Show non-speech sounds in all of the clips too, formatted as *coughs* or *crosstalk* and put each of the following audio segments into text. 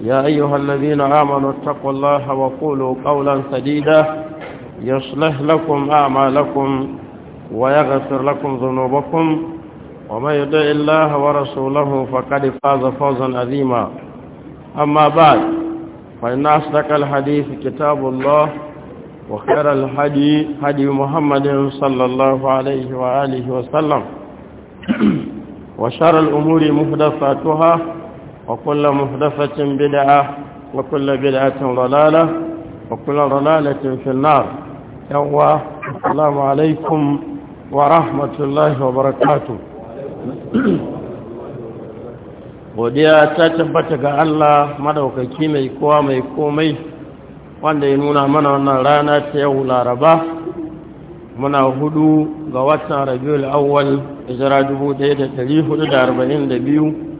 يا أيها الذين آمنوا اتقوا الله وقولوا قولا سديدا يصلح لكم أعمالكم ويغفر لكم ذنوبكم ومن يدع الله ورسوله فقد فاز فوزا عظيما أما بعد فإن أصدق الحديث كتاب الله وخير الحدي هدي محمد صلى الله عليه وآله وسلم *clears throat* وشر الأمور محدثاتها وكل مهدفة بدعة وكل بدعة ضلالة وكل ضلالة في النار يوى السلام عليكم ورحمة الله وبركاته godiya ta tabbata مدوك Allah madaukaki mai wanda ya nuna mana wannan rana ta yau laraba muna hudu ga watan rabiul awwal hijira 1442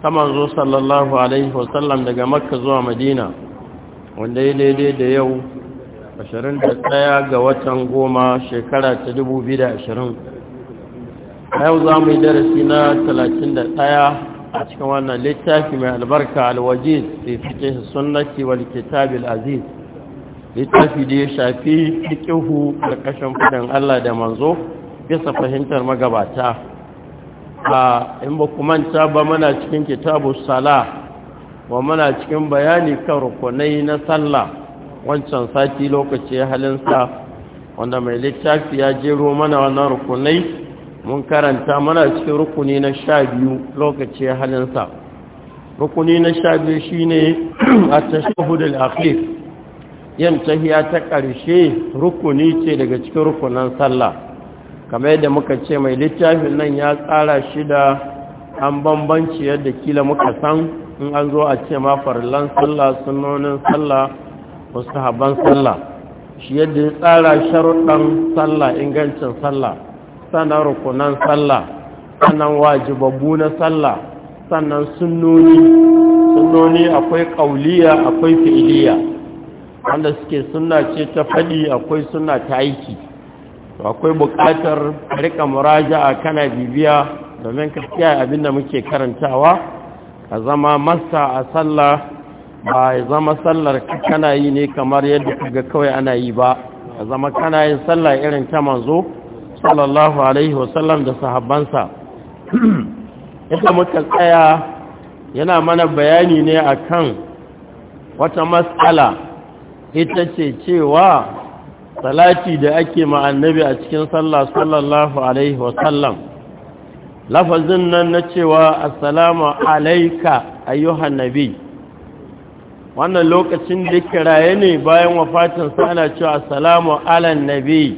ta manzo sallallahu alaihi wasallam daga makka zuwa madina wanda ya daidai da yau 21 ga watan goma shekara ta 2020 a yau za mu yi darasi na 31 a cikin wannan littafi mai albarka alwajiz ke fice sunnaki wal kitabil aziz littafi da ya shafi fikihu ƙarƙashin fudin Allah da manzo bisa fahimtar magabata a in ba ku manta ba muna cikin kitabu sala wa muna cikin bayani kan rukunai na sallah wancan sati lokaci halinsa wanda mai littafi ya jero mana wannan rukunai mun karanta mana cikin rukuni na sha biyu lokaci halinsa rukuni na sha biyu shi ne a *clears throat* tashahudul akhir yin tahiya ta ƙarshe rukuni ce daga cikin rukunan sallah kamar yadda muka ce mai littafin nan ya tsara shida, an bambanci yadda kila muka san in an zo a ce ma farlan sallah sunonin sallah wasu haban sallah shi yadda ya tsara sharuɗan sallah ingancin sallah sannan rukunan sallah sannan wajibabu na sallah sannan sunoni sunoni akwai ƙauliya akwai fi'iliya wanda suke suna ce ta faɗi akwai suna ta aiki akwai buƙatar rika a kana bibiya domin ka kiyaye abin da muke karantawa ka zama masa a sallah ba ya zama sallar kana yi ne kamar yadda kaga kawai ana yi ba ka zama kana yin sallah irin ta manzo sallallahu alaihi wasallam da sahabbansa yadda *clears throat* muka tsaya yana mana bayani ne akan wata matsala ita ce cewa salati da ake ma annabi a cikin sallah sallallahu alaihi wasallam lafazin nan na cewa assalamu alaika ayyuhan nabi wannan lokacin da kiraye ne bayan wafatin sa ana cewa assalamu alan nabi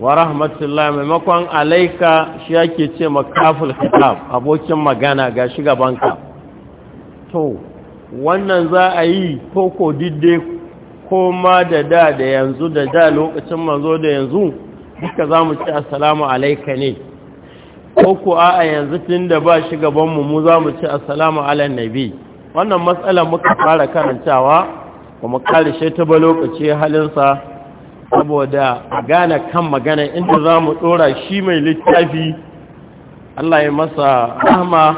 wa rahmatullahi maimakon alaika shi yake ce makaful kitab abokin magana ga shi banka. to wannan za a yi koko didde koma da da da yanzu da da lokacin manzo da yanzu duka za mu ci assalamu alaika ne ko ku a yanzu tun da ba shi gabanmu mu za mu ci assalamu ala nabi wannan matsalar muka fara karantawa kuma karshe ta ba lokaci halinsa saboda gane kan magana inda za mu ɗora shi mai littafi Allah ya masa rahama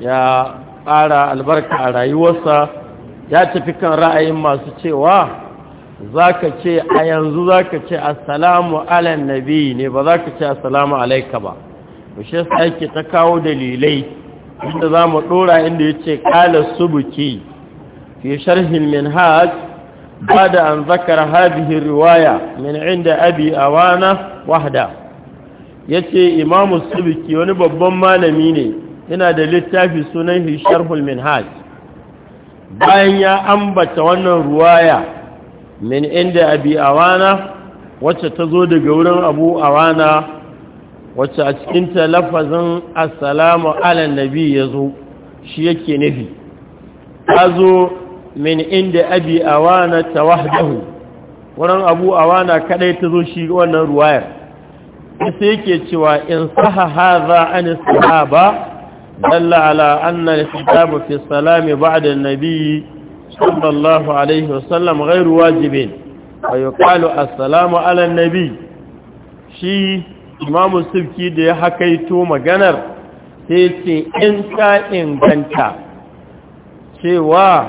ya ƙara albarka a rayuwarsa ya tafi kan ra'ayin masu cewa za ka ce a yanzu za ka ce assalamu alan nabi ne ba za ka ce assalamu alaika ba bushe sake ta kawo dalilai inda za mu ɗora inda ya ce kala subuki fi sharhin minhaj بعد أن ذكر هذه الرواية Abi, عند أبي wahda ya yace imamu Subuki wani babban malami ne yana da littafi sunan hisharhul min haji bayan ya ambata wannan ruwaya min inda abi awana wacce ta zo daga wurin abu awana wacce a cikinta lafazin assalamu ala nabi ya zo shi yake nufi ta zo min inda abi awana ta wahdahu wurin abu awana kadai ta zo shi wannan ruwayar sai yake cewa in saha haza an sahaba دل على أن الخطاب في السلام بعد النبي صلى الله عليه وسلم غير واجب ويقال السلام shi imamu sufki da ya hakaito maganar sai ce in ta inganta cewa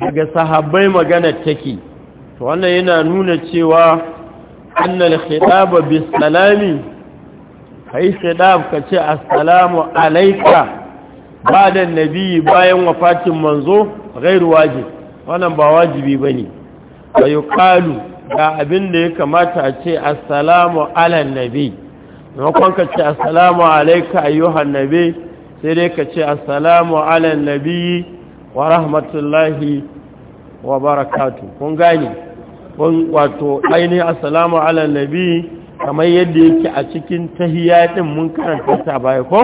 daga sahabbai maganar take to wannan yana nuna cewa annal khitaba bis salami ka yi shidab ka ce assalamu alaika ba da nabi bayan wafatin manzo gairu wajib wannan ba wajibi ba ne ba yi kalu ga abin da ya kamata a ce assalamu alan nabi maimakon ka ce assalamu alaika ayyuhan nabi sai dai ka ce assalamu alan nabi wa rahmatullahi wa barakatu kun gani wato ainihin assalamu alan nabi kamar yadda yake a cikin tahiya din mun karanta ta baya ko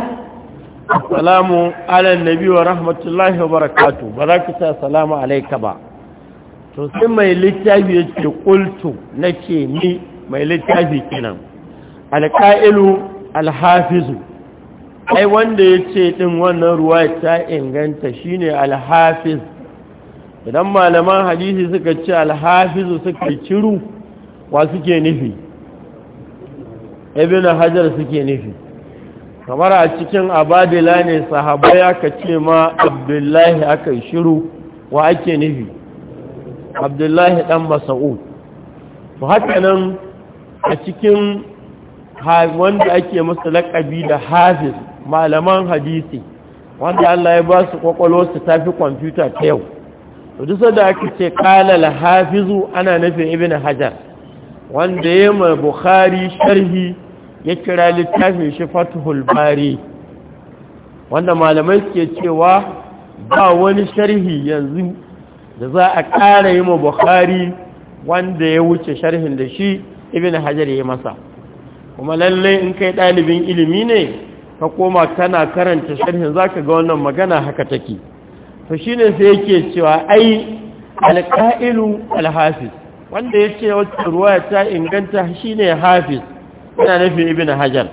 assalamu ala nabi wa rahmatullahi wa barakatuh ba za ka ce assalamu alayka ba to sai mai littafi yake na nake ni mai littafi kenan alqailu alhafizu ai wanda yace ɗin wannan ruwa ta inganta shine alhafiz idan malaman hadisi suka ce alhafizu suka ciru wa suke nufi ibn hajar suke nufi kamar a cikin abadila ne sahabai aka ce ma abdullahi aka shiru wa ake nufi abdullahi dan masa'ud to haka nan a cikin wanda ake masa lakabi da hafiz malaman hadisi wanda Allah ya ba su kwakwalo ta fi kwamfuta ta yau to duk da aka ce kalal hafizu ana nufin ibn hajar wanda ya ma bukhari sharhi ya kira littafin shi fatuhul bari wanda malamai suke cewa ba wani sharhi yanzu da za a ƙara yi ma bukhari wanda ya wuce sharhin da shi ibn hajar ya masa kuma lallai in kai ɗalibin ilimi ne ka koma kana karanta sharhin za ka ga wannan magana haka take to shi ne sai yake cewa ai alƙa'ilu alhafiz wanda ya ce wata ruwa ta inganta shi ne hafiz yana nufin na hajar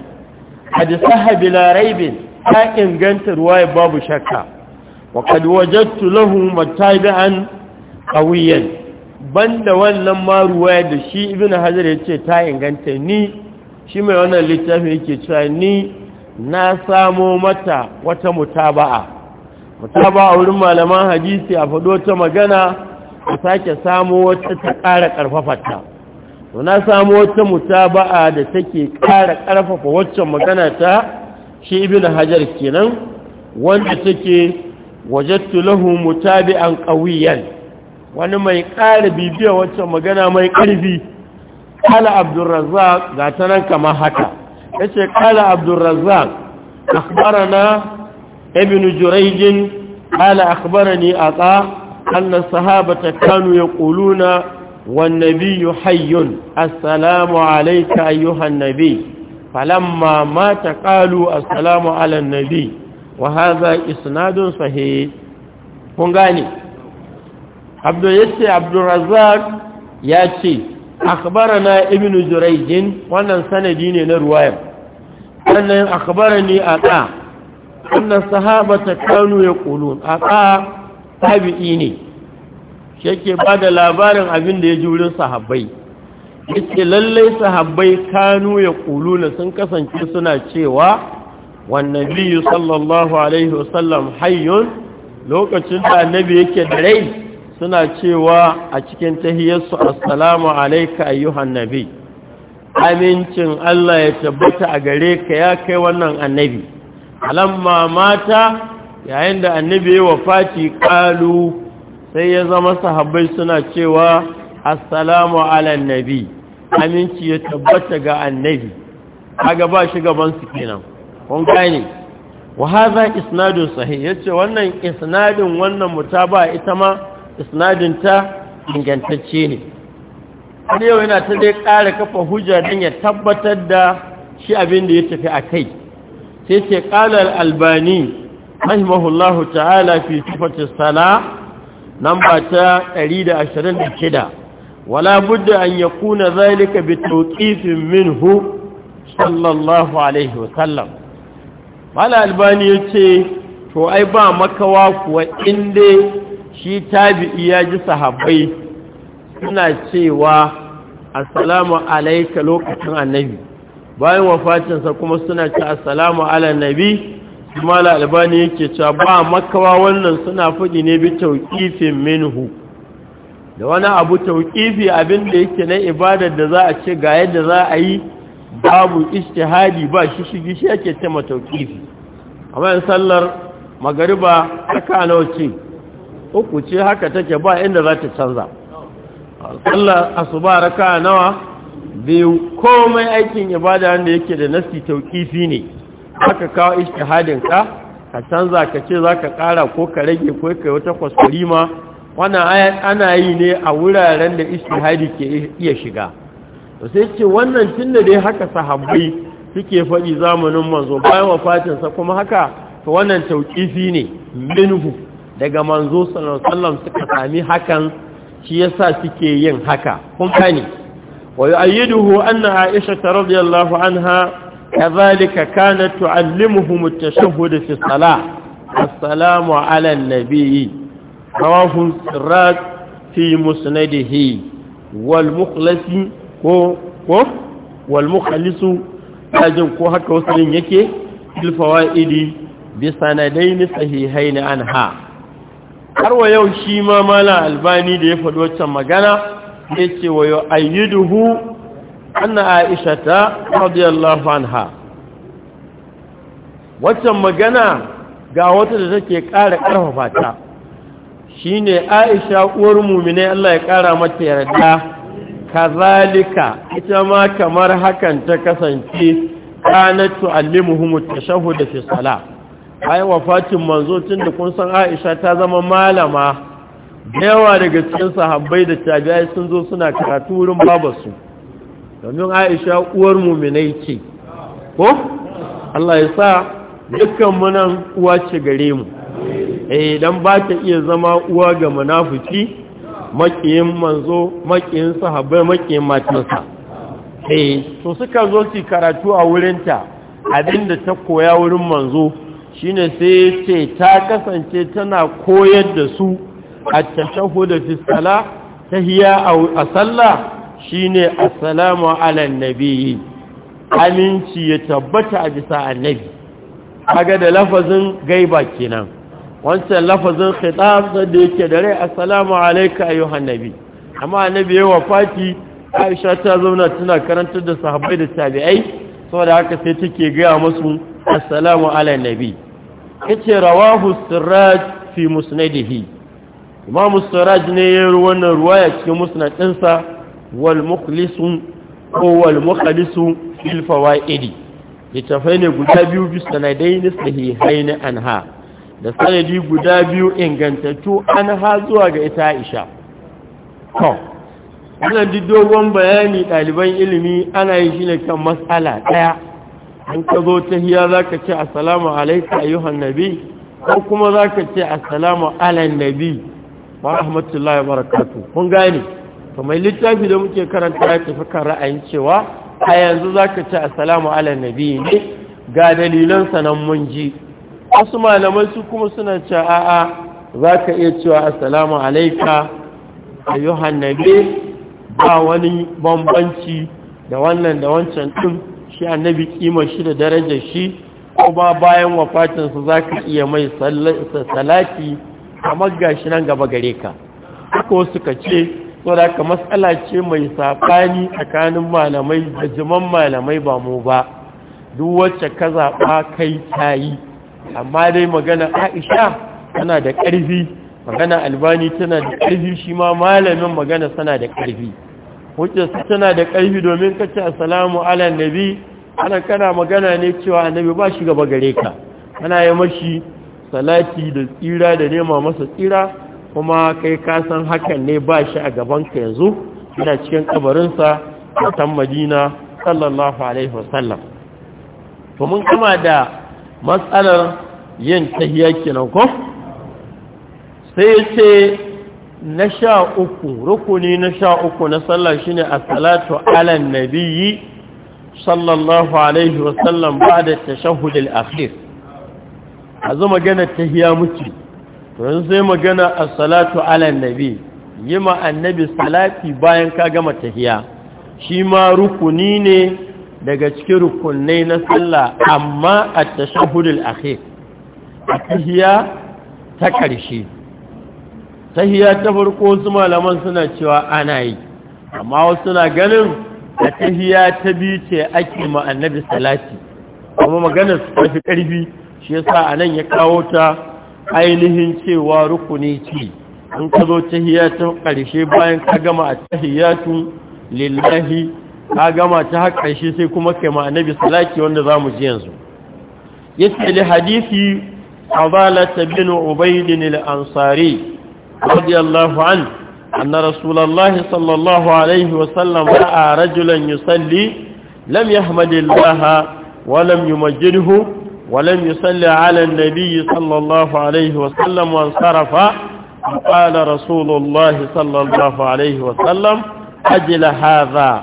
hadisa habila raibin ta inganta ruwa babu shakka wa wajen wajadtu matabi'an qawiyan banda wannan ma ruwa da shi na hajar ya ce ta inganta ni shi mai wannan littafin yake cewa ni na samo mata wata mutaba'a mutaba'a wurin malaman hadisi a faɗo ta magana a sake samo wata ta ƙara ƙarfafata to na samo wata mutaba'a da take ƙara ƙarfafa waccan magana ta shi ibn hajar kenan wanda take wajattu lahu mutabi'an qawiyan wani mai ƙara bibiya waccan magana mai ƙarfi kala abdurrazzaq ga ta nan kamar haka yace kala abdurrazzaq akhbarana ibn jurayj kala أخبرني أطاء أن الصحابة كانوا يقولون والنبي حي السلام عليك أيها النبي فلما مات قالوا السلام على النبي وهذا إسناد صحيح هنغاني عبد يسي عبد الرزاق ياتي أخبرنا ابن جريج وانا سندين للرواية أنا أخبرني أقا أن الصحابة كانوا يقولون أقا tabi'i ne shi yake ba da labarin abin da ya ji wurin sahabbai yake lallai sahabbai kanu ya na sun kasance suna cewa wannan biyu sallallahu alaihi wasallam hayyun lokacin da annabi yake da rai suna cewa a cikin tahiyarsu assalamu alaika ayyuhan nabi amincin Allah ya tabbata a gare ka ya kai wannan annabi alamma mata yayin da annabi ya wafati kalu sai ya zama sahabbai suna cewa assalamu ala nabi,' aminci ya tabbata ga annabi kaga ba shi gaban su kenan kun gane wa hadha isnadun sahih yace wannan isnadin wannan mutaba ita ma isnadin ta ingantacce ne har yau yana ta dai ƙara kafa hujja don ya tabbatar da shi abin da ya tafi a kai sai ce ƙalar albani rahimahullahu ta'ala fi sifati sala namba ta 126 wala budda an yakuna zalika bi tawqifin minhu sallallahu alaihi sallam. mala albani yace to ai ba makawa kuwa dai shi tabi'i ya ji sahabbai suna cewa assalamu alayka lokacin annabi bayan wafatinsa kuma suna ce assalamu ala nabi jimala albani yake cewa ba makawa wannan suna faɗi ne bi tauƙifin minhu da wani abu tauƙifi abin da yake na ibada da za a ce ga yadda za a yi babu istihadi ba shi shigi shi yake ce ma tauƙifi amma yin sallar magariba haka ce uku ce haka take ba inda za ta canza sallar asuba raka nawa biyu komai aikin ibada wanda yake da nasi tauƙifi ne aka kawo ijtihadin ka ka canza ka ce zaka kara ko ka rage ko kai wata kwaskwarima wannan ana yi ne a wuraren da hadi ke iya shiga to sai ce wannan tunda dai haka sahabbai suke faɗi zamanin manzo bayan sa kuma haka to wannan tauqifi ne minhu daga manzo sallallahu alaihi suka sami hakan shi yasa suke yin haka kun kani wa yu'ayyiduhu anna aisha radiyallahu anha kazalika kana tu'allimuhum at-tashahhud fi as-salah assalamu ala an-nabiyyi rawahu sirat fi musnadihi wal mukhlasi ko wal mukhlasu ajin ko haka wasu yake fil fawaidi bi sanadaini sahihain anha har wa yau shi ma mala albani da ya faɗo wannan magana yace wa yu'ayyiduhu anna aishata radiyallahu anha waccan magana ga wata da take ƙara ƙarfafa ta shine aisha uwar mu'mine Allah ya ƙara mata yarda kazalika ita ma kamar hakan ta kasance kanat tu'allimuhum at-tashahhud fi salah ai wafatin manzo tunda kun san aisha ta zama malama yawa daga cikin sahabbai da tabi'ai sun zo suna karatu wurin babarsu domin aisha uwar muminai ce ko Allah ya sa dukkan munan uwa ce gare mu eh dan ba ta iya zama uwa ga munafiki makiyin manzo makiyin sahabbai makiyin matansa eh to suka zo su karatu a wurinta abinda ta koya wurin manzo shine sai ce ta kasance tana koyar da su a da fi sala tahiya a sallah shine assalamu ala nabiyyi aminci ya tabbata a bisa annabi kaga da lafazin gaiba kenan wancan lafazin khitab da yake da rai assalamu alayka ayyuhan nabi amma annabi ya wafati Aisha ta zauna tana karantar da sahabbai da tabi'ai saboda haka sai take gaya musu assalamu ala nabi yace rawahu sirraj fi musnadihi imam sirraj ne ya ruwana ruwaya cikin musnadinsa wal ko fil fawaidi litafai ne guda biyu bi sanadaini sahihaini anha da sanadi guda biyu ingantattu anha zuwa ga ita Aisha to wannan dogon bayani ɗaliban ilimi ana yin shi ne kan matsala ɗaya an ka zo ta hiya za ka ce assalamu alaika ayyuhan nabi ko kuma za ka ce assalamu alan nabi wa rahmatullahi wa barakatuh kun gane to mai littafi da muke karanta ya tafi kan ra'ayin cewa a yanzu za ka ce asalamu ala nabi ne ga dalilan sanan mun ji wasu malamai su kuma suna ce a'a za ka iya cewa asalamu alaika a ayyuhan nabi ba wani bambanci da wannan da wancan ɗin shi annabi kima shi da darajar shi ko ba bayan wafatinsa za ka iya mai salati kamar gashi nan gaba gare ka haka wasu ka ce so da ka matsala ce mai saɓani tsakanin malamai da jiman malamai ba mu ba duk wacce ka zaɓa kai ta yi amma dai magana aisha tana da ƙarfi magana albani tana da ƙarfi shi ma malamin magana tana da ƙarfi wacce su tana da ƙarfi domin ka ce asalamu ala nabi ana kana magana ne cewa annabi ba shi gaba gare ka ana yi mashi salati da tsira da nema masa tsira kuma kai ka san hakan ne ba shi a ka yanzu Ina cikin kabarinsa a tan madina sallallahu alaihi wasallam to mun kama da matsalar yin tahiya kenan ko sai ce na sha uku rukuni na sha uku na sallah shine as-salatu ala nabiyyi sallallahu alaihi wasallam ba'da tashahhud akhir azu gana tahiyya muke yanzu sai magana a salatu ala nabi yi ma annabi salati bayan ka gama tahiya shi ma rukuni ne daga cikin rukunai na sallah amma a tashahudul akhir a tahiya ta ƙarshe tahiya ta farko su malaman suna cewa ana yi amma wasu na ganin a tahiya ta biyu ce ake ma annabi salati kuma maganar su ƙarfi ƙarfi shi yasa anan ya kawo ta ainihin cewa rukuni ce an ka zo tahiyatun ƙarshe bayan ka gama a tahiyatun lillahi ka gama ta haƙarshe sai kuma kai ma annabi salaki wanda za mu ji yanzu yace li hadisi fadalata bin ubayd ansari radiyallahu an anna rasulullahi sallallahu alaihi wa sallam ra'a rajulan yusalli lam yahmadillaha wa lam yumajjidhu ولم يصلي على النبي صلى الله عليه وسلم وانصرف قال رسول الله صلى الله عليه وسلم أجل هذا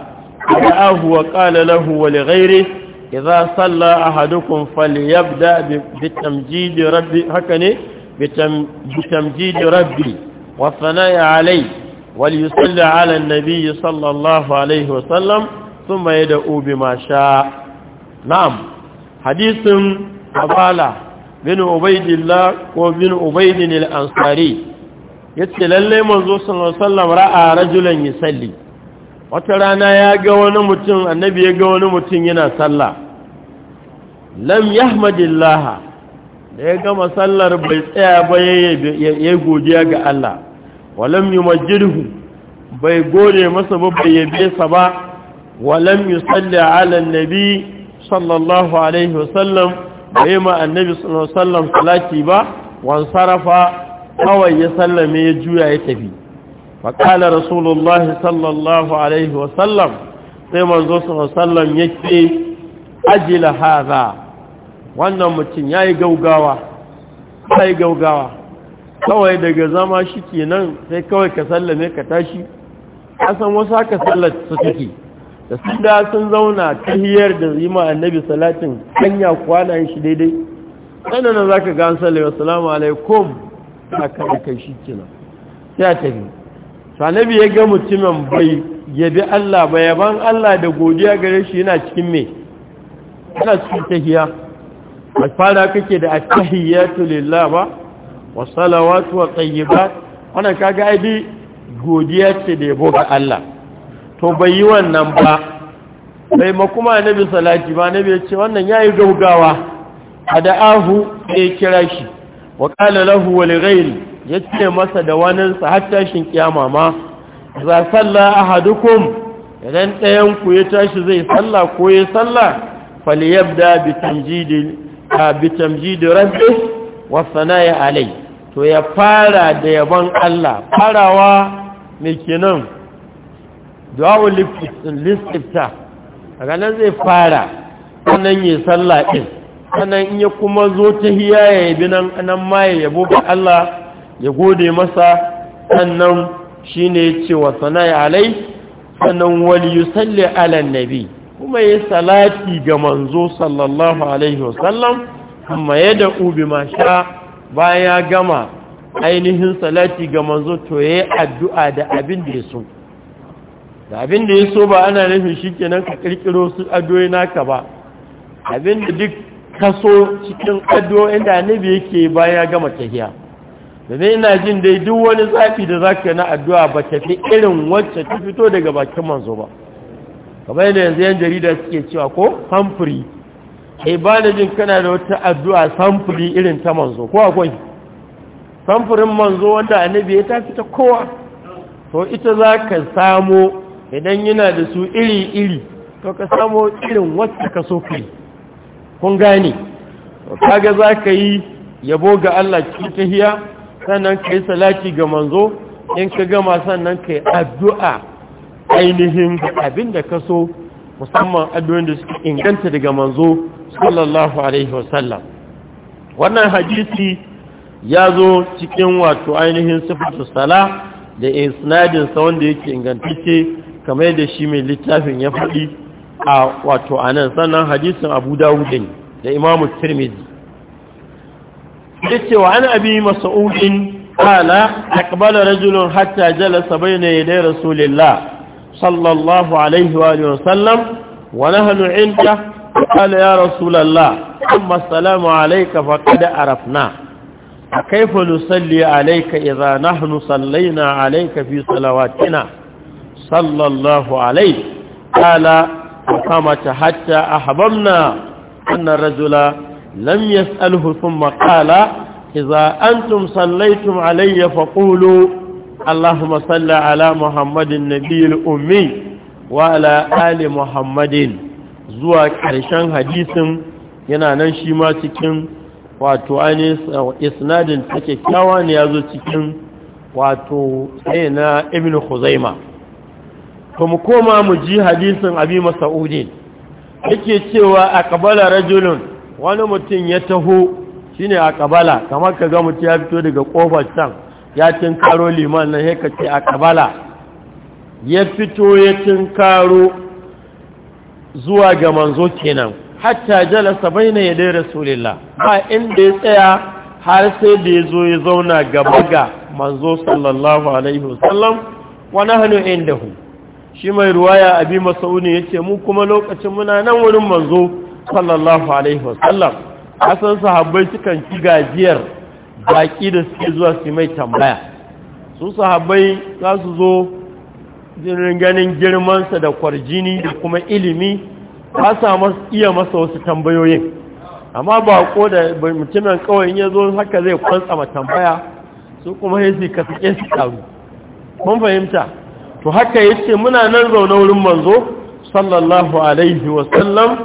دعاه وقال له ولغيره إذا صلى أحدكم فليبدأ بتمجيد ربي هكذا بتمجيد ربي والثناء عليه وليصلي على النبي صلى الله عليه وسلم ثم يدعو بما شاء نعم hadisin abala bin ubaidillah ko bin ubaidin al-ansari yace lallai manzo sallallahu wasallam ra'a rajulan salli wata rana ya ga wani mutum annabi ya ga wani mutum yana sallah lam yahmadillah da ya gama sallar bai tsaya ba ya godiya ga Allah walam yumajjidhu bai gode masa ba bai yabe sa ba walam yusalli ala annabi sallallahu alaihi wasallam bai ma annabi sallallahu alaihi wasallam salati ba wan sarafa kawai ya sallame ya juya ya tafi fa kala rasulullahi sallallahu alaihi wasallam sai manzo sallallahu alaihi wasallam yake ajila hadha wannan mutum yayi gaugawa sai gaugawa kawai daga zama shi kenan sai kawai ka sallame ka tashi asan wasa ka sallar su take da sun da sun zauna ta hiyar da zima annabi salatin hanya kwanayen shi daidai sannan za ka gan salawa salamu alaikum a kan kai shi kenan ya a tafi sanabi ya ga mutumin bai yabi Allah ba yaban Allah da godiya gare shi yana cikin me yana cikin tahiya a fara kake da attahiyatu lillah ba wa salawatu wa tayyibat ka ga ai godiya ce da yabo ga Allah to bai yi wannan ba bai makuma bi salati ba na ya ce wannan Ya yi gaugawa A ya yi kira shi wa qala lahu wa li ya ce masa da waninsa har tashin kiyama ma za salla ahadukum idan ɗayan ku ya tashi zai salla ko ya salla falyabda yabda bitamji da rabbi rabbih wa ya alai to ya fara da yaban Allah farawa me kenan du'a'ul listifta daga nan zai fara sannan yi sallah ɗin sannan in ya kuma zo ta hiya ya nan nan ma ya yabo ga Allah ya gode masa sannan shine ya ce wa sana'i alai sannan wali yusalli ala nabi kuma ya salati ga manzo sallallahu alaihi wasallam amma ya da ubi ma sha gama ainihin salati ga manzo to yayi addu'a da abin da ya so da abin da ya so ba ana nufin shi kenan ka kirkiro su adoyi naka ba abin da duk kaso cikin ado da annabi yake baya gama tahiya domin ina jin dai duk wani zafi da za ka na addu'a ba ta fi irin wacce ta fito daga bakin manzo ba kamar yadda yanzu yan jarida suke cewa ko samfuri e ba da jin kana da wata addu'a samfuri irin ta manzo ko akwai samfurin manzo wanda annabi ya ta fita kowa to ita za ka samo idan yana da su iri-iri to ka samo irin wata ka so kai kun gane kaga za ka yi yabo ga Allah cikin tahiya sannan ka yi salati ga manzo in ka gama sannan ka yi addu'a ainihin abin da ka so musamman addu'in da suka inganta daga manzo sallallahu alaihi wasallam wannan hadisi ya zo cikin wato ainihin sifatu sala da isnadinsa wanda yake ingantacce kamar da shi mai littafin ya faɗi a wato a nan. sannan hadisin abu dawudin da imamu tirmidhi ce wa an abi mas'udin qala aqbala rajulun hatta jalasa ya yaday rasulillah sallallahu alaihi wa alihi wa sallam wa nahnu inda qala ya rasulallah amma assalamu alayka faqad arafna kayfa nusalli alayka idha nahnu sallayna alayka fi salawatina sallallahu alaihi ƙala makamata hatta a habamna wannan rajula lam ya tsalhufin makala iza an tum sallaitum alayya faƙulu allahumma salla ala muhammadin nabiyil ummi wa ala ali muhammadin zuwa ƙarshen hadisin yana nan shi ma cikin wato isnadin take kyawa ne ya zo cikin wato sai na ibn khuzaima Ka mu koma mu ji hadisin abi mas'udin yake cewa a aqbala rajulun wani mutum ya taho shine aqbala kamar kaga mutum ya fito daga kofar can ya tinkaro liman na yake ce aqbala ya fito ya tinkaro zuwa ga manzo kenan hatta jalasa baina yadai rasulillah ba inda ya tsaya har sai da ya zo ya zauna gaba ga manzo sallallahu alaihi wasallam wa nahnu indahu shi mai ruwaya abi masauni ce mu kuma lokacin muna nan wurin manzo sallallahu alaihi wasallam asan sahabbai sukan ci gajiyar baki da suke zuwa su mai tambaya su sahabbai za su zo jirin ganin girmansa da kwarjini da kuma ilimi ba sa iya masa wasu tambayoyin amma ba da mutumin kawai ya zo haka zai kwantsa tambaya su kuma hesi ka suke su karu mun fahimta to haka yace muna nan zaune wurin manzo sallallahu alaihi wasallam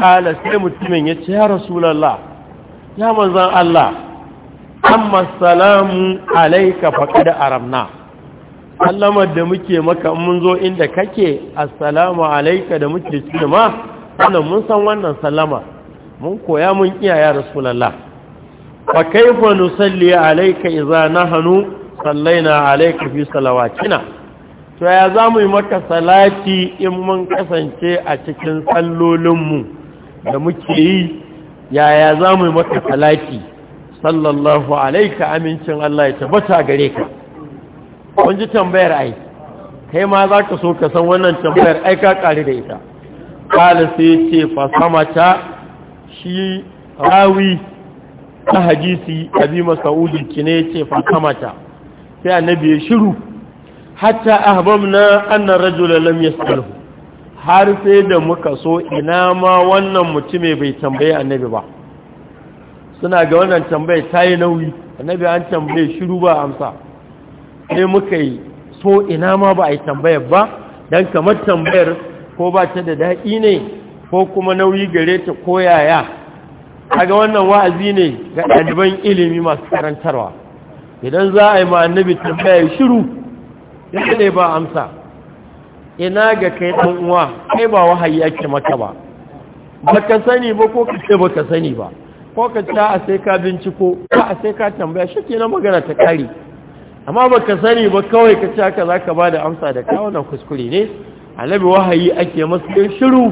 kala sai mutumin yace ya rasulullah ya manzan Allah amma salamu alayka da aramna sallamar da muke maka mun zo inda kake assalamu alayka da muke ma wannan mun san wannan sallama mun koya mun iya ya rasulullah fa kaifa nusalli alayka idza nahnu sallaina alayka fi salawatina to ya za mu yi maka salati in mun kasance a cikin sallolinmu da muke yi yaya za mu yi maka salati sallallahu alaika amincin Allah ya tabbata gare ka kun ji tambayar ai kai ma za ka so ka san wannan tambayar ai ka kare da ita kala sai ce fasamata shi rawi ta hadisi abi masaudi kine ce fasamata sai annabi ya shiru hatta ahbabna anna rajula lam yasalhu har sai da muka so ina ma wannan mutume bai tambaye annabi ba suna ga wannan tambaye tayi nauyi annabi an tambaye shiru ba amsa sai muka yi so ina ma ba a yi tambayar ba dan kamar tambayar ko ba ta da daɗi ne ko kuma nauyi gare ta koyaya kaga wannan wa'azi ne ga ɗaliban ilimi masu karantarwa idan za a yi ma annabi tambaye shiru ya ne ba amsa ina ga kai ɗan uwa kai ba wahayi ake maka ba ba ka sani ba ko ka ce ba ka sani ba ko ka ta a sai ka binciko ko a sai ka tambaya shi ke na magana ta kari amma ba ka sani ba kawai ka ce haka za ka ba da amsa da kawunan kuskure ne annabi wahayi ake masu shiru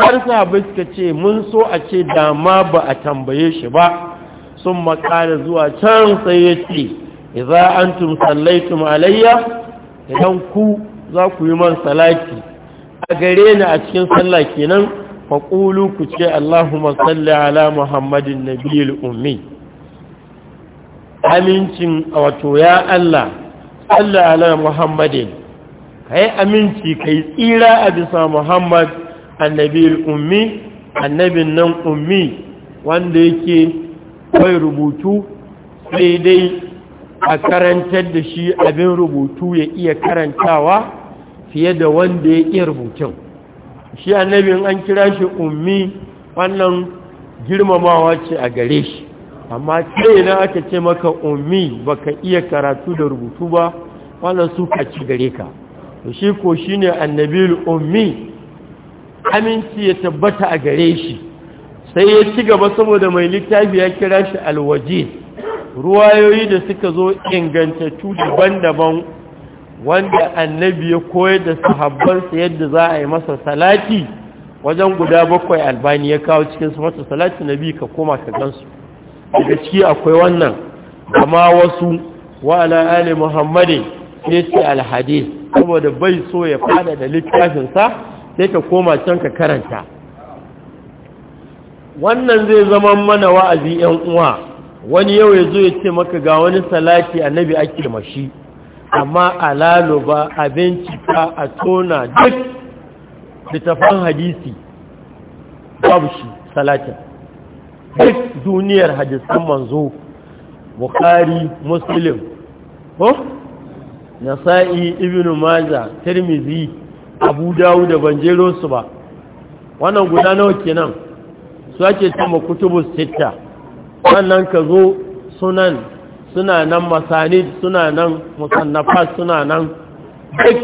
har sahabai suka ce mun so a ce dama ba a tambaye shi ba sun makara zuwa can sai ya ce iza an tum sallaitum alayya idan ku za ku yi man salaki. a gare ni a cikin sallah kenan faƙulu ku ce Allahumma salli ala Muhammadin nabiyil ummi amincin wato ya Allah salli ala Muhammadin kai aminci kai tsira a bisa Muhammad annabiyil ummi annabin nan ummi wanda yake kai rubutu sai dai a karantar da shi abin rubutu ya iya karantawa fiye da wanda ya iya rubutun shi annabin an kira shi ummi wannan girmamawa ce a gare shi amma ce na aka ce maka ummi baka iya karatu da rubutu ba wannan suka ci gare ka shi ko shine annabil ummi aminci ya tabbata a gare shi sai ya ci gaba saboda mai littafi ya kira shi alwajiz ruwayoyi da suka zo ingantattu daban-daban wanda annabi ya koyar da sahabbansa yadda za a yi masa salati wajen guda bakwai albani ya kawo cikin su masa salati biyu ka koma ka gansu daga ciki akwai wannan amma wasu wa ala'ali muhammadin sai sai alhadis saboda bai so ya fada da littafinsa sai ka koma can ka karanta wannan zai zama mana wa'azi 'yan uwa wani yau ya zo ya ce maka ga wani salati annabi ake mashi amma alalu ba abinci ka a tona duk littafan hadisi babu shi salatin duk duniyar hadisan manzo bukari muslim ko nasa'i ibn maza tirmizi abu dawud da banjero su ba wannan guda nawa kenan su ake cewa kutubus sittah sannan ka zo sunan suna nan masanid suna nan musannafat suna nan duk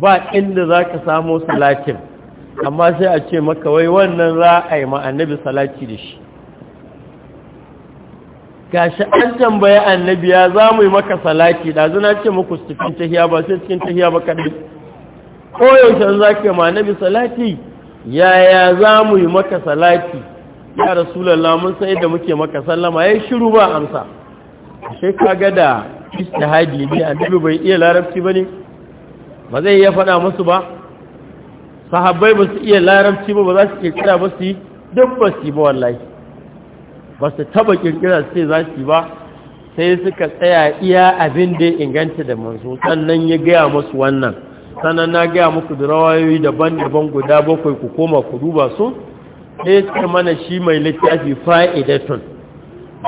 ba inda za ka samo salatin amma sai a ce maka wai wannan za a yi ma'annabi salati da shi Ga shi an tambaya annabi ya za mu yi maka salati da zina ce muku cikin tahiya ba sai cikin tahiya ba kaɗai koyaushe za ka yi ma'annabi salati yaya za mu yi maka salati ya rasulallah mun san yadda muke maka sallama yayi shiru ba amsa sai ga da istihadi ne annabi bai iya larabci bane ba zai iya faɗa musu ba sahabbai ba su iya larabci ba ba za su iya kira ba su yi duk ba su yi ba wallahi ba su taba kirkira sai za su yi ba sai suka tsaya iya abin da inganta da manzo sannan ya gaya musu wannan sannan na gaya muku da rawayoyi daban-daban guda bakwai ku koma ku duba su sai ce mana shi mai littafi fa'idatun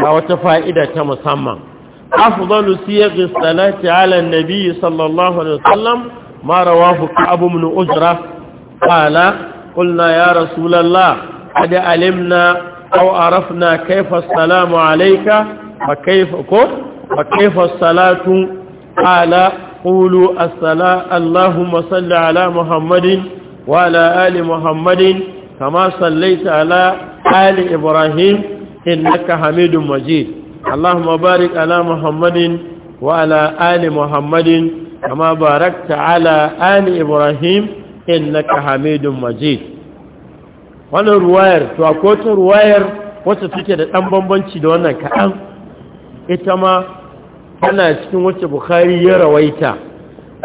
ga wata fa'ida ta musamman afdalu siyaqi salati ala an-nabi sallallahu alaihi wasallam ma rawahu abu ibn ujra qala qulna ya rasulallah qad alimna aw arafna kayfa assalamu alayka wa kayfa ko wa kayfa as-salatu qala qulu as sala. allahumma salli ala muhammadin wa ala ali muhammadin kama sallaita ala ali ibrahim innaka hamidum majid allahumma barik ala muhammadin wa ali muhammadin kama barakta ala ali ibrahim innaka hamidum majid wannan ruwayar to akwai ruwayar wacce take da ɗan bambanci da wannan kadan ita ma tana cikin wacce bukhari ya rawaita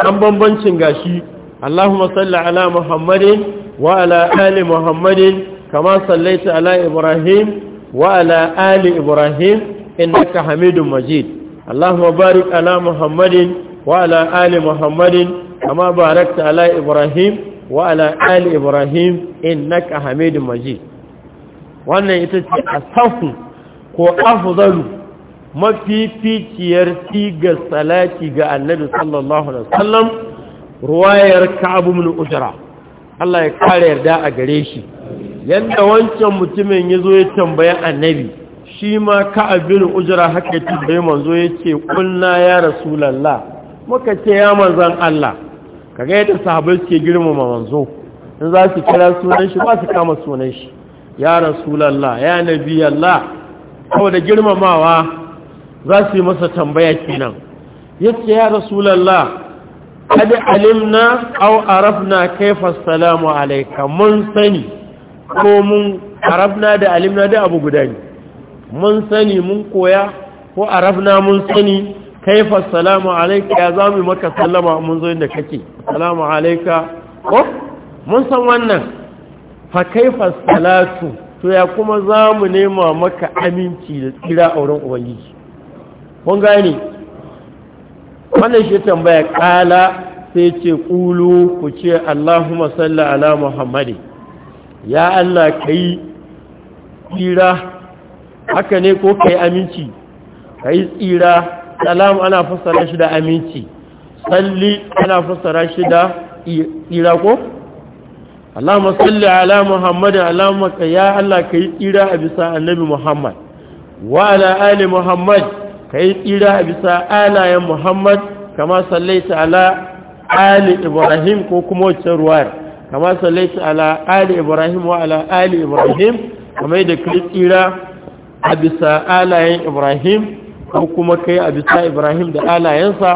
Ɗan bambancin gashi allahumma salli ala muhammadin وعلى آل محمد كما صليت على إبراهيم وعلى آل إبراهيم إنك حميد مجيد اللهم بارك على محمد وعلى آل محمد كما باركت على إبراهيم وعلى آل إبراهيم إنك حميد مجيد wannan ita ce a safu ko afzalu mafificiyar sigar salati ga annabi sallallahu alaihi wasallam ruwayar ka'ab ibn ujra Allah ya kare yarda a gare shi Yadda wancan mutumin ya zo ya tambaya annabi shi ma ka abin ujira haka ya tambaye manzo ya ce "Kunna, ya rasulallah muka ce ya manzan Allah Ka kaga yadda sahabai suke girmama manzo in za su kira sunan shi ba su kama sunan shi ya rasulallah ya nabi Allah da girmamawa za su yi masa tambaya kenan yace ya rasulallah قد علمنا او عرفنا كيف السلام عليك من سني ko mun arabna da alimna da abu guda ne mun sani mun koya ko arabna mun sani kaifa salamu alaika ya zamu maka sallama mun zo inda kake salamu alaika ko mun san wannan fa kaifa salatu to ya kuma zamu nema maka aminci da tsira auren ubangiji kun gane wannan shi tambaya kala sai ce kulu ku ce Allahumma salli ala muhammadin ya Allah kai tsira haka ne ko kai aminci kai tsira salam ana fassara shi da aminci salli ana fassara shi da tsira ko Allahumma salli ala Muhammadin Allahumma ya Allah kai tsira a bisa annabi Muhammad wa ala ali Muhammad Ka yi tsira a bisa alayen muhammad kama sallaita ala ali ibrahim ko kuma wacce ruwayar kama sallaita ala ali ibrahim wa ala ali ibrahim yi da kai tsira a bisa alayen ibrahim ko kuma kai a bisa ibrahim da alayensa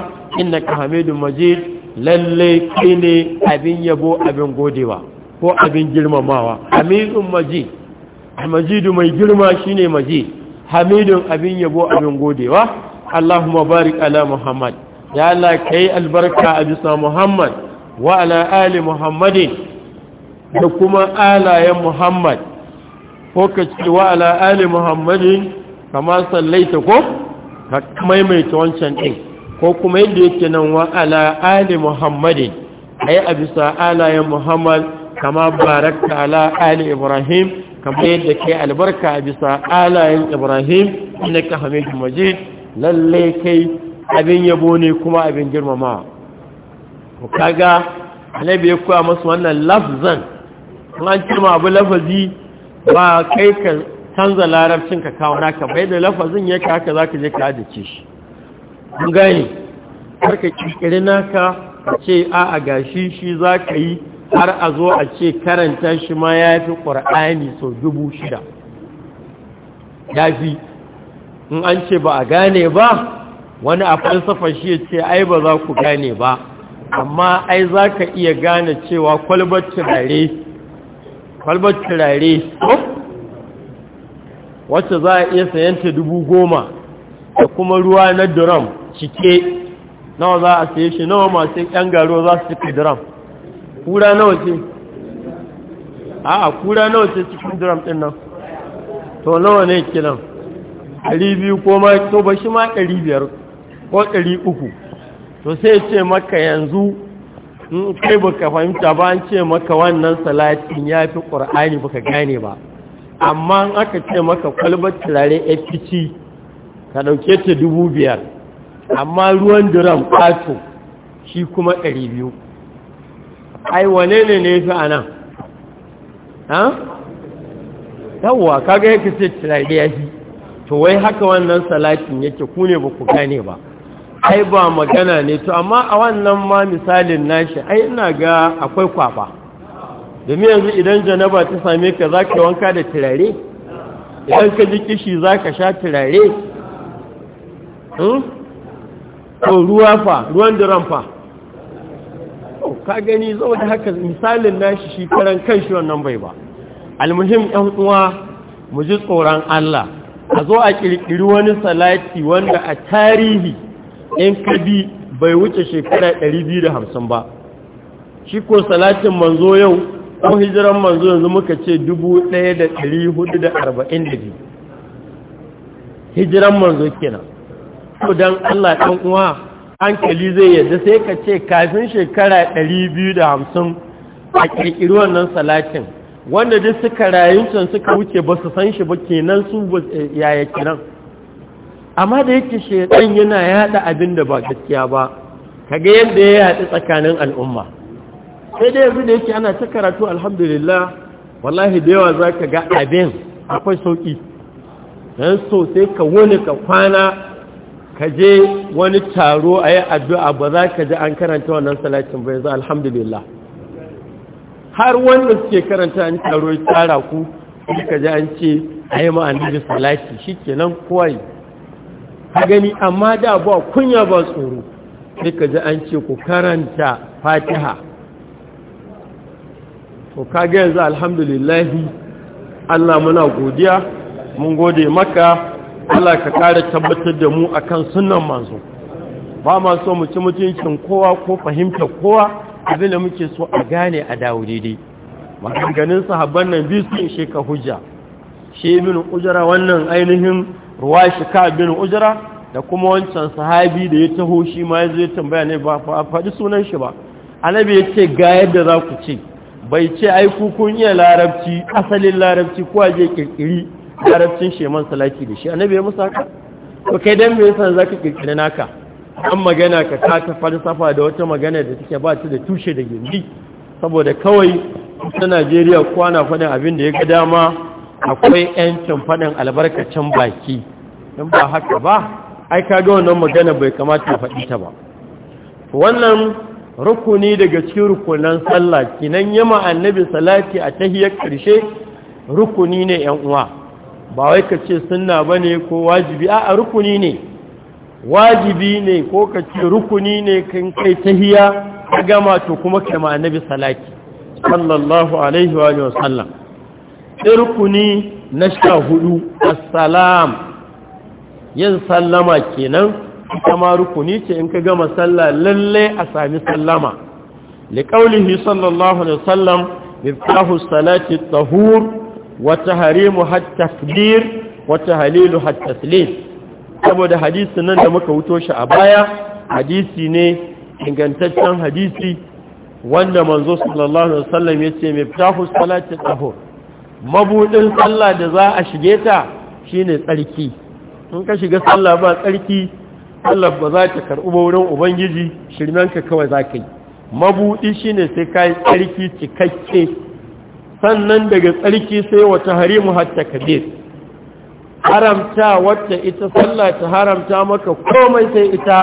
ka Hamidu majid lalle kai ne abin yabo abin godewa ko abin girmamawa hamidun majid majidu mai girma shine majid hamidun abin yabo abin godewa Allahumma barik ala Muhammad ya Allah kai albarka a bisa Muhammad wa ala ali Muhammadin da kuma alayen Muhammad ko ka ce wa ala ali Muhammadin kama sallaita ko ka maimaita wancan din ko kuma yadda yake nan wa ala ali Muhammadin ai a bisa alayen Muhammad kama barakta ala ali Ibrahim kamar yadda kai albarka bisa alayen ibrahim inda ka hamidu majid lalle kai abin yabo ne kuma abin girmama kaga annabi ya koya masu wannan lafzan an cima abu lafazi ba kai ka canza larabcin ka kawo naka bai da lafazin ya ka haka za ka je ka adace shi kun gane har ka kirkiri naka ka ce a a gashi shi za ka yi har a zo a ce karanta shi ma ya fi ƙwar'ani sau dubu shida ya fi in an ce ba a gane ba wani a falsafar shi ya ce ai ba za ku gane ba amma ai za ka iya gane cewa kwalbar turare kwalbar turare wacce za a iya sayanta dubu goma da kuma ruwa na drum cike nawa za a saye shi nawa masu yan garo za su cika drum kura nawa ce a kura nawa ce cikin duram din nan to nawa ne kilan ɗari biyu ko ma to ba shi ma ɗari biyar ko ɗari uku to sai ce maka yanzu in kai baka fahimta ba an ce maka wannan salatin ya fi ƙur'ani baka gane ba amma in aka ce maka kwalbar turare fpc ka ɗauke ta dubu biyar amma ruwan duram ƙato shi kuma ɗari biyu ai wane ne ne fi a nan yawwa kaga yake ce tiraide ya fi to wai haka wannan salatin yake ku ne ba ku gane ba ai ba magana ne to amma a wannan ma misalin nashi ai ina ga akwai kwaba domin yanzu idan janaba ta same ka za ka wanka da turare idan ka ji kishi za ka sha tirare hmm? to ruwa fa ruwan duran fa ka gani da haka misalin nashi shi karan shi wannan bai ba almuhim ɗan uwa mu ji tsoron Allah a zo a ƙirƙiri wani salati wanda a tarihi in kabi bai wuce shekara 250 ba shi ko salatin manzo yau ko hijiran manzo yanzu muka ce 1442 hijiran manzo kenan to dan Allah ɗan uwa hankali zai yadda sai ka ce kafin shekara 250 a ƙirƙiri wannan salatin wanda duk suka rayu suka wuce ba su san shi ba kenan su eh, yaya kiran. amma da yake shekaran yana yada abin da ba gaskiya ba ka ga yadda ya yadi tsakanin al'umma sai dai yanzu da yake ana ta karatu alhamdulillah wallahi da yawa za ka ga abin akwai sauki don so ka wani ka kwana ka je wani taro a yi addu'a ba za ka ji an karanta wannan salatin ba yanzu alhamdulillah har wanda suke karanta an taro ya tsara ku ka ji an ce a yi ma'anin salati shi ke nan kowai ka gani amma da ba kunya ba tsoro ka ji an ce ku karanta fatiha to ga yanzu alhamdulillahi allah muna godiya mun gode maka Allah ka kare tabbatar da mu akan sunan manzo ba ma so mu ci mutuncin kowa ko fahimta kowa abin da muke so a gane a dawo daidai maganganun sahabban nan biyu sun ishe ka hujja shi bin ujara wannan ainihin ruwa shi ka bin ujara da kuma wancan sahabi da ya taho shi ma ya ya tambaya ne ba faɗi sunan shi ba annabi ya ce ga yadda za ku ce bai ce ai ku kun iya larabci asalin larabci ko aje kirkiri larabcin sheman salaki da shi annabi ya musa haka to kai dan me yasa zaka kirkire naka an magana ka ka ta falsafa da wata magana da take ba ta da tushe da gindi saboda kawai ta Najeriya kwana fadin abin da ya ga dama akwai yancin fadin albarkacin baki in ba haka ba ai ka ga wannan magana bai kamata ka faɗi ta ba wannan rukuni daga cikin rukunan sallah kinan yama annabi salati a tahiyar karshe rukuni ne yan uwa ba wai ka ce suna ba ne ko wajibi a rukuni ne wajibi ne ko ka ce rukuni ne kan kai tahiya ka gama to kuma kai ma annabi salaki. sallallahu alaihi wa sallam ɗin rukuni na sha hudu assalam yin sallama kenan kama rukuni ce in ka gama sallah lalle a sami sallama liqaulihi sallallahu alaihi wa sallam miftahu salati tahur wata harimu wata halilu hatta saboda hadisin nan da muka wuto shi a baya hadisi ne ingantaccen hadisi wanda manzo sallallahu alaihi wasallam yace miftahu salati tahur mabudin sallah da za a shige ta shine tsarki in ka shiga sallah ba tsarki sallah ba za ta karɓi wurin ubangiji shirmanka kawai za ka mabuɗi shine sai kai tsarki cikakke sannan daga tsarki sai wata harimu hatta kabir haramta wata ita sallah ta haramta maka komai sai ita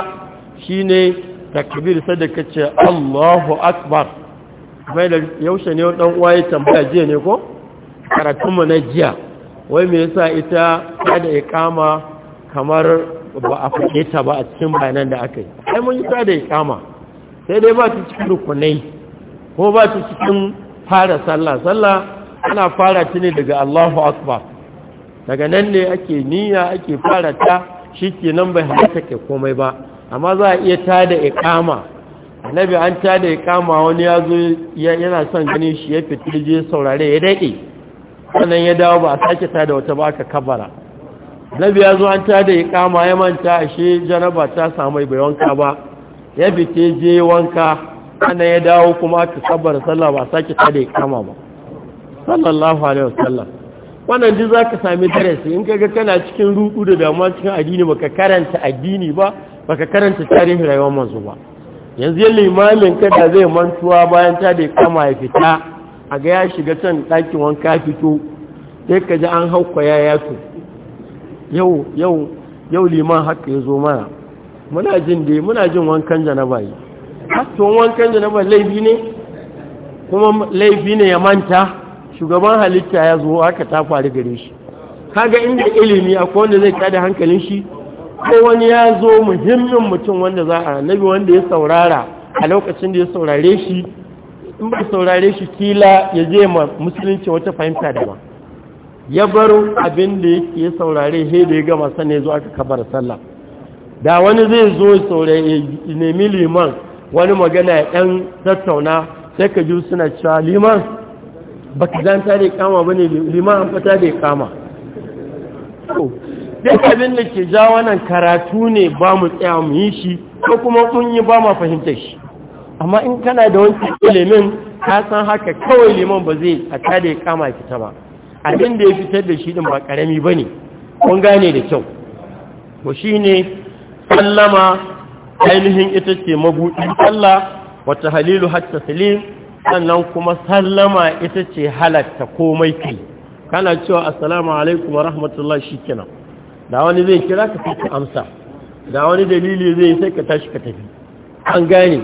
shine takbir sadaka ce Allahu akbar mai da yaushe ne dan uwa ya tambaya jiya ne ko karatu mu na jiya wai me yasa ita kada iqama kamar ba a fade ta ba a cikin bayanan da aka yi sai mun yi kada iqama sai dai ba ta cikin rukunai ko ba ta cikin fara sallah sallah ana fara ta ne daga Allahu akbar daga nan ne ake niyya ake fara ta nan bai halatta ke komai ba amma za a iya tada iqama annabi an tada iqama wani ya zo yana son ganin shi ya fita je saurare ya dade sannan ya dawo ba a sake tada wata ba aka kabara annabi ya zo an tada iqama ya manta ashe janaba ta samu bai wanka ba ya fita je wanka ana ya dawo kuma aka sabar sallah ba sake kada ya kama ba sallallahu alaihi wasallam wannan duk zaka sami darasi in kaga kana cikin rudu da damuwa cikin addini baka karanta addini ba baka karanta tarihin rayuwar manzo ba yanzu yalle imamin ka da zai mantuwa bayan ta da kama ya fita a ga ya shiga can dakin wanka fito sai ka ji an hauka ya yato yau yau yau liman haka ya zo mana muna jin dai muna jin wankan janaba yi hatton wankan ba laifi ne kuma laifi ne ya manta shugaban halitta ya zo aka ta faru gare shi kaga inda ilimi akwai wanda zai kada hankalin shi ko wani ya zo muhimmin mutum wanda za a nabi wanda ya saurara a lokacin da ya saurare shi in ba saurare shi kila ya je ma musulunci wata fahimta da ba ya bar abin da ya saurare he da ya gama sannan ya zo aka kabar sallah da wani zai zo saurare nemi liman wani magana ya ɗan tattauna sai ka ji suna cewa liman ba ka zanta da kama ba ne liman an fata da kama duk abin da ke ja wannan karatu ne ba mu tsaya mu yi shi ko kuma mun yi ba ma fahimtar shi amma in kana da wancan ilimin ka san haka kawai liman ba zai a ta da kama fita ba abin da ya fitar da shi din ba karami ba ne kun gane da kyau ko shi ne sallama ainihin ita ce mabuɗin Allah wata halilu hatta salim sannan kuma sallama ita ce halatta komai kai kana cewa assalamu alaikum wa shi kina da wani zai kira ka fi amsa da wani dalili zai sai ka tashi ka tafi an gane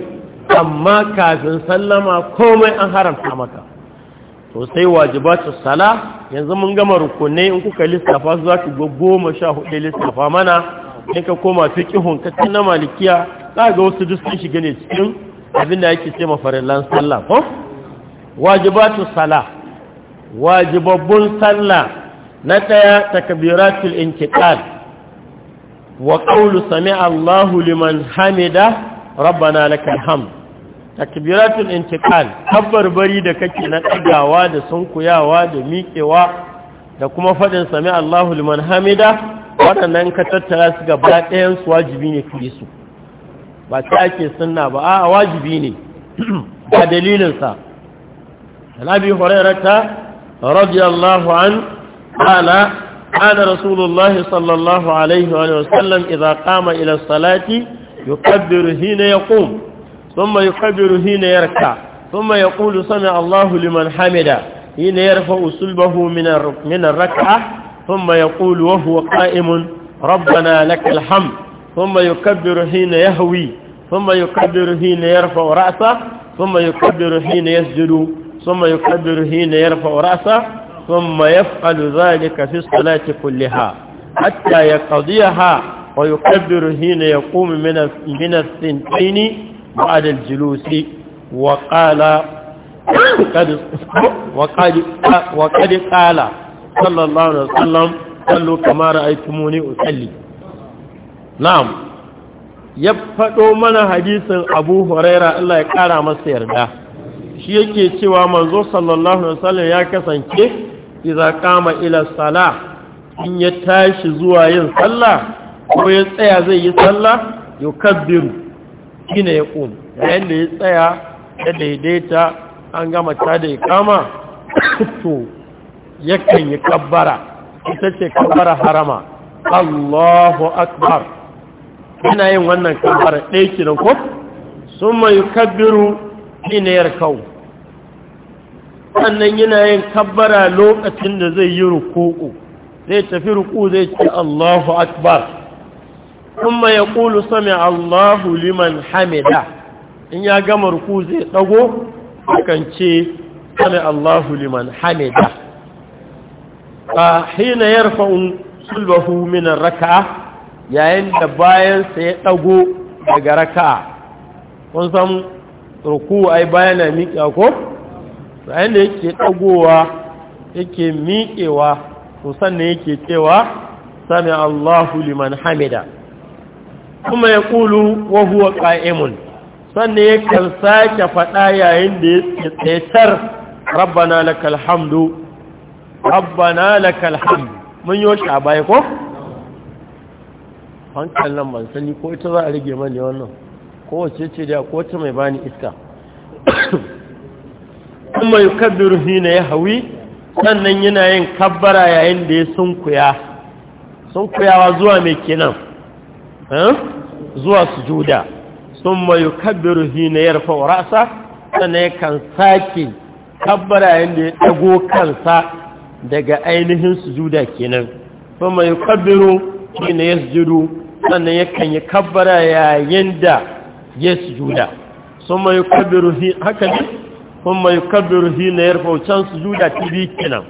amma kafin sallama komai an haramta maka to sai wajibatu sala yanzu mun gama rukunai in kuka lissafa za ku go goma sha hudu lissafa mana in ka koma fiqhun ka na malikiya za ga wasu duk shiga ne cikin abin da yake ce mafarillan sallah ko wajibatun sala wajibabbun sallah na daya takbiratul intiqal wa qawlu sami Allahu liman hamida rabbana lakal hamd takbiratul intiqal bari da kake na dagawa da sunkuyawa da miƙewa da kuma faɗin sami Allahu liman hamida waɗannan ka tattara su gaba ɗayan su wajibi ne kuri su ba ta ake sunna ba a wajibi ne ba *clears throat* dalilinsa nabi hurairata radiyallahu an ana rasulullahi sallallahu alaihi wa sallam ila salati yukabbiru hina yaqum thumma hina yarka sami Allahu liman hamida hina yarfa usulbahu ثم يقول وهو قائم ربنا لك الحمد ثم يكبر حين يهوي ثم يكبر حين يرفع رأسه ثم يكبر حين يسجد ثم يكبر حين يرفع رأسه ثم يفعل ذلك في الصلاة كلها حتى يقضيها ويكبر حين يقوم من من الثنتين بعد الجلوس وقال *coughs* *coughs* وقد وقد وقد قال sallallahu alaihi wasallam sallu kama ra'aytumuni usalli na'am ya fado mana hadisin Abu Huraira Allah ya kara masa yarda shi yake cewa manzo sallallahu alaihi wasallam ya kasance idza qama ila salah in ya tashi zuwa yin sallah ko ya tsaya zai yi sallah yukabbiru kina ya kuma yayin da ya tsaya da daidaita an gama ta da ikama *coughs* to yakan yi kabbara ita ce kabbara harama Allahu akbar Ina yin wannan kabbara ɗaya kinan ko sun mai kabbiru inayar kawo sannan yana yin kabbara lokacin da zai yi ruku'u zai tafi ruku zai ce Allahu akbar mai ya ƙulu sami Allahu liman hamida in ya gama ruku zai ɗago akan ce sami Allahu liman hamida a hina yarfa'un sulbahu min raka'a yayin da bayan sa ya dago daga raka'a kun san ruku ai bayan na miƙa ko yayin da yake dagowa yake miƙewa to sannan yake cewa sami Allahu liman hamida kuma ya kulu wa huwa qa'imun sannan yakan sake faɗa yayin da yake tsaitar rabbana lakal hamdu rabbana lakal hamd mun yi shi a baya ko hankal nan ban sani ko ita za a rage mani wannan kowace ce da ko ta mai bani iska kuma yukabbiru hina ya hawi sannan yana yin kabbara yayin da ya sunkuya sunkuyawa zuwa mai kenan eh? zuwa sujuda summa yukabbiru hina yarfa ra'sa sannan yakan sake kabbara yayin da ya dago kansa daga ainihin sujuda kenan kuma ya kabbiro shi ne ya sujudu sannan yakan yi kabbara yayin da ya sujuda kuma ya kabbiro haka ne kuma ya kabbiro shi ne ya rufa can sujuda TV kenan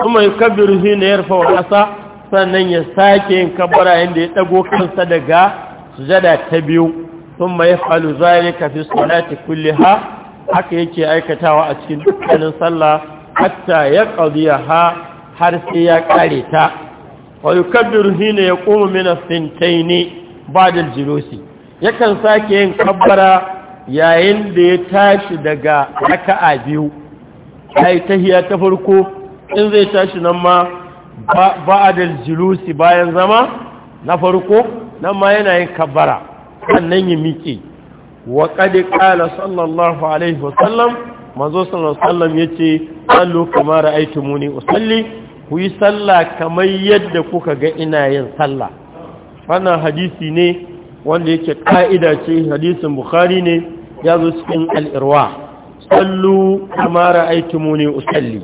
kuma ya kabbiro shi ne ya rufa wasa sannan ya sake yin kabbara yayin da ya dago kansa daga sujada ta biyu kuma ya falu zalika fi salati kulliha haka yake aikatawa a cikin dukkanin sallah hatta ya ƙaziya ha har sai ya ƙare ta wa yi hina ya ƙoma mina sintai ne ba da jirosi yakan sake yin kabbara yayin da ya tashi daga raka'a biyu ai tahiya ta farko in zai tashi nan ma ba da jirosi bayan zama na farko nan ma yana yin kabbara sannan ya miƙe wa ƙadi ƙala sallallahu alaihi wasallam manzo sallallahu alaihi wasallam yace sallu kama ra'aytumuni usalli ku sallah kamar yadda kuka ga ina yin sallah wannan hadisi ne wanda yake ka'ida ce hadisin bukhari ne ya zo cikin al-irwa sallu kama ra'aytumuni usalli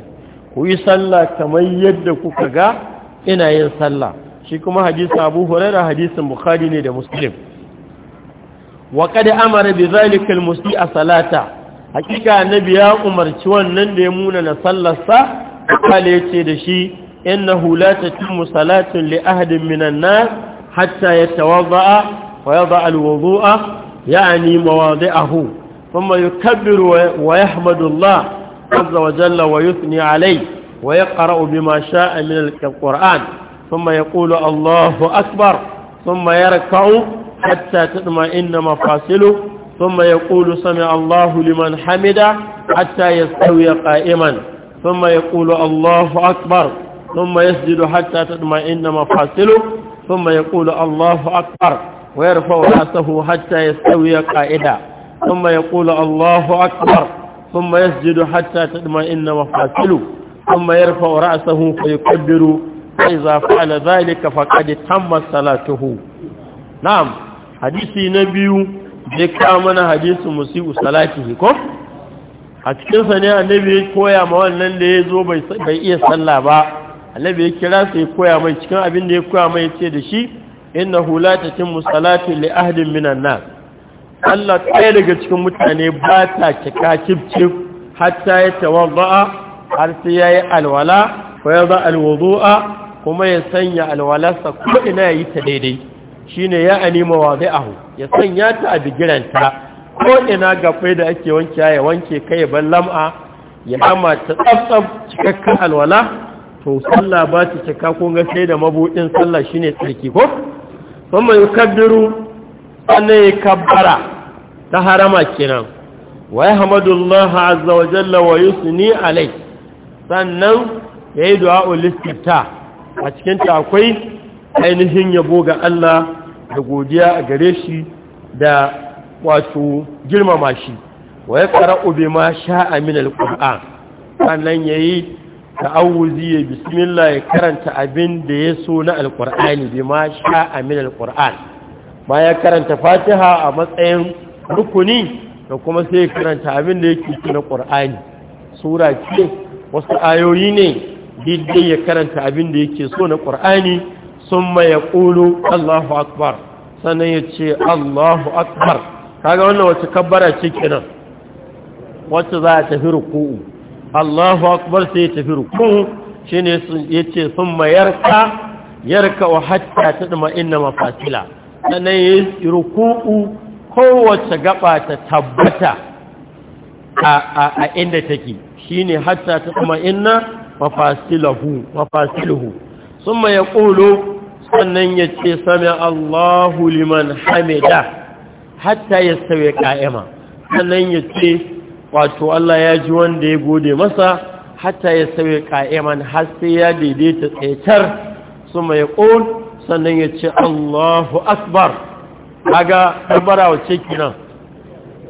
ku sallah kamar yadda kuka ga ina yin sallah shi kuma hadisi abu hurairah hadisin bukhari ne da muslim wa qad amara bi zalika al mustia salata hakika annabi ya umarci wannan da ya muna na sallarsa kala yace da shi innahu la tatimmu salatu li ahadin minan nas hatta yatawadda wa yada alwudu'a yani mawadi'ahu thumma yukabbiru wa yahmadu Allah azza wa jalla wa yuthni alayhi wa yaqra'u bima sha'a min alquran thumma yaqulu Allahu akbar thumma yarka'u hatta tatma'inna mafasiluhu ثم يقول سمع الله لمن حمده حتى يستوي قائما ثم يقول الله أكبر ثم يسجد حتى تطمئن مفاصله ثم يقول الله أكبر ويرفع رأسه حتى يستوي قائدا ثم يقول الله أكبر ثم يسجد حتى تطمئن مفاصله ثم يرفع رأسه فيكبر فإذا فعل ذلك فقد تمت صلاته نعم حديث نبي zai kawo mana hadisin musibu salatihi ko a cikinsa ne annabi ya koya ma wannan da ya zo bai iya sallah ba annabi ya kira su ya koya mai cikin abin da ya koya mai ce da shi inna hula ta cin musalati li ahdin minan nan Allah ɗaya daga cikin mutane ba ta cika cif hatta ya tawadda'a har sai ya yi alwala ko ya za alwudu'a kuma ya sanya alwalarsa ko ina ya yi ta daidai shine ya anima wadi'ahu ya sanya ta a bigiranta ko ina gafai da ake wanke ya wanke kai ban lam'a ya kama ta tsaftsaf cikakka alwala to sallah ba ta cika ko ga sai da mabudin sallah shine tsarki ko kuma yukabbiru sannan ya kabbara ta harama kenan wa yahmadullah azza wa jalla wa yusni alai sannan yayi du'a ul a cikinta akwai ainihin yabo ga Allah da godiya a gare shi da wato girmama shi wa ya qara'u ma sha'a min al-qur'an sannan yayi ta'awuzi ya bismillah ya karanta abin da ya so na alkur'ani bi ma sha'a min ƙur'an. ma ya karanta fatiha a matsayin rukuni da kuma sai ya karanta abin da yake cikin ƙur'ani. sura ce wasu ayoyi ne daidai ya karanta abin da yake so na ƙur'ani. Sun summa yaqulu Allahu akbar sannan ya ce Allahu akbar kaga wannan wacce kabbara ce nan. wacce za a tafi ruku'u Allahu akbar sai ya tafi ruku'u shine yace summa yarka yarka wa hatta tadma inna mafatila sannan ya yi ruku'u kowace gaba ta tabbata a inda take Shi shine hatta tadma inna mafasilahu mafasiluhu summa yaqulu sannan ya ce sami Allahu liman hamida hatta ya sauya ƙa’ima sannan ya ce wato Allah ya ji wanda ya gode masa hatta ya sauya ka'iman har sai ya daidaita tsaitar su mai ƙon sannan ya ce Allahu akbar haga ɗabara wace kinan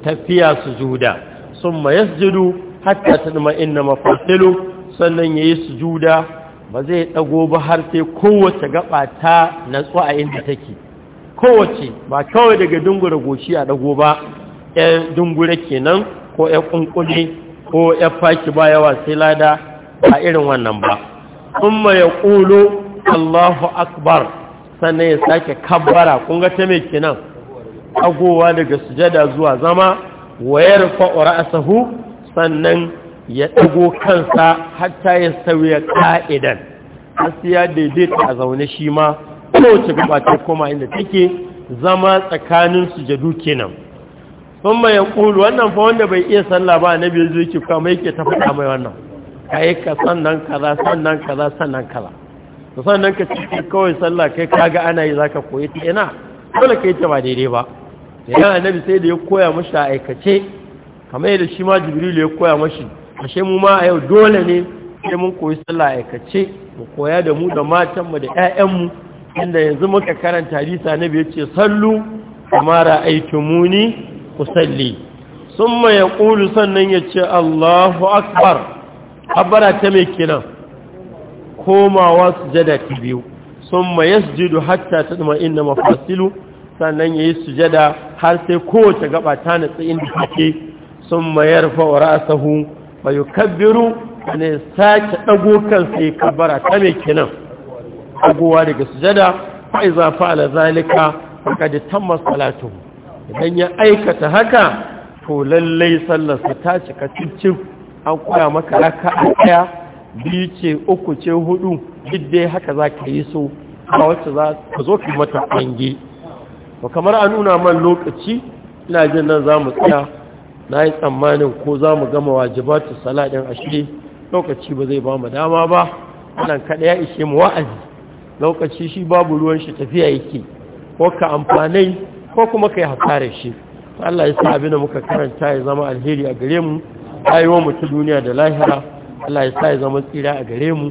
tafiya su juda sun ma yasjudu hatta ta dama inna mafasilu sannan ya yi su juda ba zai ɗago ba har sai kowace gaba ta natsu a inda take kowace ba kawai daga dungura goshi a ɗago ba ‘yan dungura kenan ko ‘yan ƙunƙuni ko ‘yan faki ba yawa sai lada a irin wannan ba kuma ya ƙulo allahu akbar sannan ya sake kabbara kun ta mai kenan agowa daga sujada zuwa zama wayar fa'ura asahu sannan ya ɗago kansa hatta ya sauya ka'idan gaskiya daidaita a zaune shi ma kowace gabata koma inda take zama tsakanin sujadu kenan sun mai yankulu wannan fa wanda bai iya sallah ba na biyu zuki kama yake ta faɗa mai wannan ka yi ka sannan kaza sannan kaza sannan kaza da sannan ka ciki kawai sallah kai kaga ana yi zaka koyi ta ina dole ka yi ta ba daidai ba yana annabi sai da ya koya mashi a aikace kamar yadda shi ma jibril ya koya mashi ashe mu ma a yau dole ne sai mun koyi sallah aikace mu koya da mu da matan mu da mu inda yanzu muka karanta hadisi na biye ce sallu kama ra'aytumuni usalli summa yaqulu sannan yace Allahu akbar habara ta me kenan komawa sujada ta biyu summa yasjudu hatta inna mafasilu sannan yayi sujada har sai kowace gaba ta natsi inda take summa yarfa ra'sahu fa kabbiru ne sake dago kansa ya kabbara ta me kenan aguwa daga sujada fa iza fa'ala zalika faqad tamma salatu. idan ya aikata haka to lallai sa ta cika cincin an koya maka raka daya biyu ce uku ce hudu duk dai haka zaka yi so a wacce za ka zo ki mata ƙwange ba kamar an nuna man lokaci ina jin nan za mu tsaya na yi tsammanin ko za mu gama wajibatu salatin ashe lokaci ba zai ba mu dama ba wannan kada ya ishe mu wa'azi lokaci shi babu ruwan shi tafiya yake ko ka amfanai ko kuma ka yi hasarar shi Allah ya sa abin da muka karanta ya zama alheri a gare mu rayuwar mu ta duniya da lahira Allah ya sa ya zama tsira a gare mu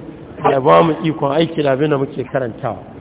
ya ba mu ikon aiki da abin da muke karantawa